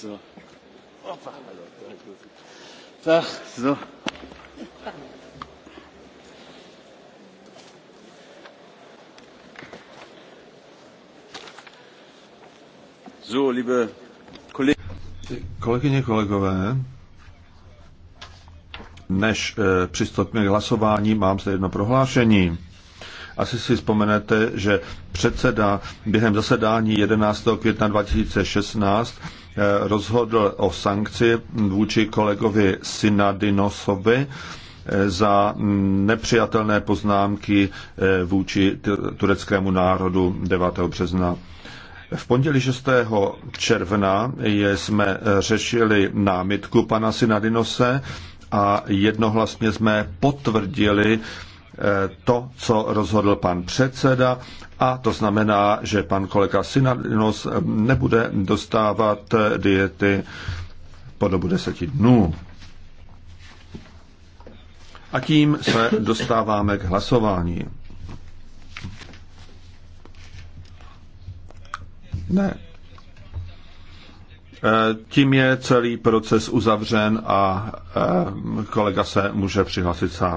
So. so. So, liebe Kolegyně, kolegové, než e, přistoupíme k hlasování, mám zde jedno prohlášení. Asi si vzpomenete, že předseda během zasedání 11. května 2016 rozhodl o sankci vůči kolegovi Synadinosovi eh, za nepřijatelné poznámky eh, vůči tureckému národu 9. března. V pondělí 6. června jsme eh, řešili námitku pana Synadinose a jednohlasně jsme potvrdili Eh, to, co rozhodl pan předseda a to znamená, že pan kolega Synadinos eh, nebude dostávat eh, diety po dobu deseti dnů. A tím se dostáváme k hlasování. Ne. Tím je celý proces uzavřen a kolega se může přihlásit sám.